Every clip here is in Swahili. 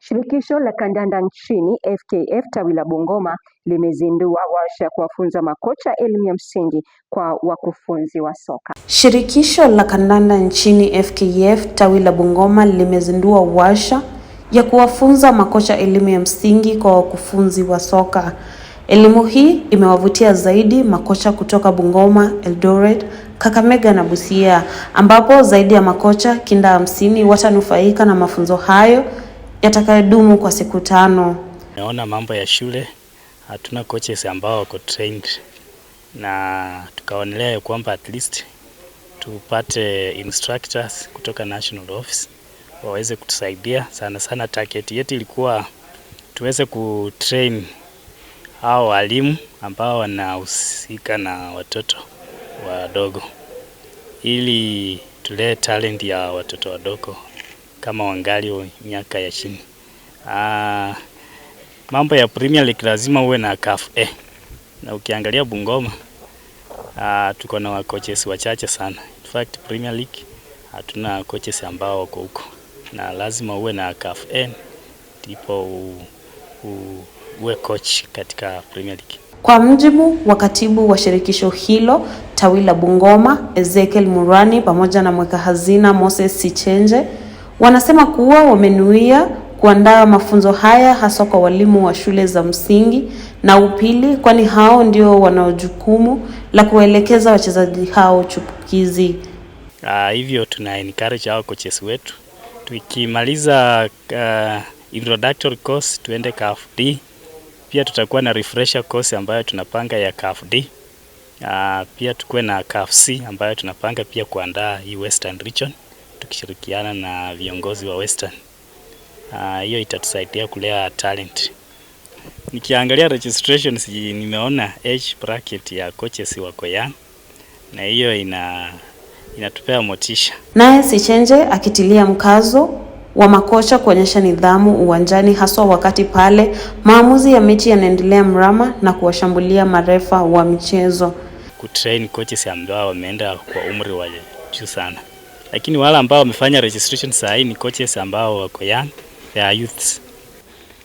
Shirikisho la kandanda nchini FKF tawi la Bungoma limezindua warsha ya kuwafunza makocha elimu ya msingi kwa wakufunzi wa soka. Shirikisho la kandanda nchini FKF tawi la Bungoma limezindua warsha ya kuwafunza makocha elimu ya msingi kwa wakufunzi wa soka. Elimu hii imewavutia zaidi makocha kutoka Bungoma, Eldoret, Kakamega na Busia ambapo zaidi ya makocha kinda hamsini watanufaika na mafunzo hayo yatakayodumu kwa siku tano. Naona mambo ya shule hatuna coaches ambao wako trained, na tukaonelea ya kwamba at least tupate instructors kutoka national office waweze kutusaidia sana sana. Target yetu ilikuwa tuweze kutrain hao walimu ambao wanahusika na watoto wadogo ili tulee talent ya watoto wadogo kama wangali miaka ya chini. Ah, mambo ya Premier League lazima uwe na CAF eh. Na ukiangalia Bungoma ah, tuko na coaches wachache sana. In fact, Premier League hatuna coaches ambao wako huko, na lazima uwe na CAF eh, ndipo u, u, uwe coach katika Premier League. Kwa mjibu wa katibu wa shirikisho hilo tawi la Bungoma Ezekiel Murani pamoja na mweka hazina Moses Sichenje Wanasema kuwa wamenuia kuandaa mafunzo haya haswa kwa walimu wa shule za msingi na upili, kwani hao ndio wanaojukumu la kuwaelekeza wachezaji hao chupukizi. Uh, ah, hivyo tuna encourage hao coaches wetu tukimaliza uh, introductory course tuende CAF D. Pia tutakuwa na refresher course ambayo tunapanga ya CAF D. Uh, pia tukuwe na CAF C ambayo tunapanga pia kuandaa hii Western Region tukishirikiana na viongozi wa Western. Ah, hiyo uh, itatusaidia kulea talent. Nikiangalia registration si nimeona age bracket ya coaches wako ya na hiyo ina inatupea motisha. Naye Sichenje akitilia mkazo wa makocha kuonyesha nidhamu uwanjani haswa wakati pale maamuzi ya mechi yanaendelea mrama na kuwashambulia marefa wa michezo. Kutrain coaches ambao wameenda kwa umri wa juu sana lakini wale ambao wamefanya registration sahi ni coaches ambao wako young, ya are youths.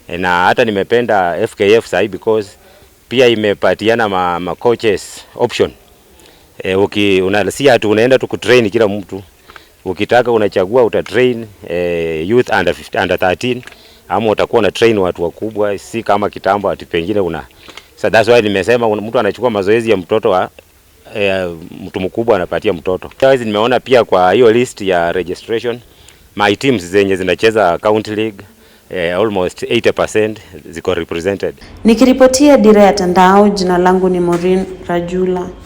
Eh, na hata nimependa FKF sahi because pia imepatiana ma, ma coaches option e, uki unasia tu unaenda tu kutrain kila mtu ukitaka unachagua uta train e, youth under 15, under 13 ama utakuwa na train watu wakubwa, si kama kitambo ati pengine una. So that's why nimesema mtu anachukua mazoezi ya mtoto wa eh, mtu mkubwa anapatia mtoto. Hizi nimeona pia kwa hiyo list ya registration my teams zenye zinacheza county league eh, almost 80% ziko represented. Nikiripotia Dira ya Tandao, jina langu ni Maureen Rajula.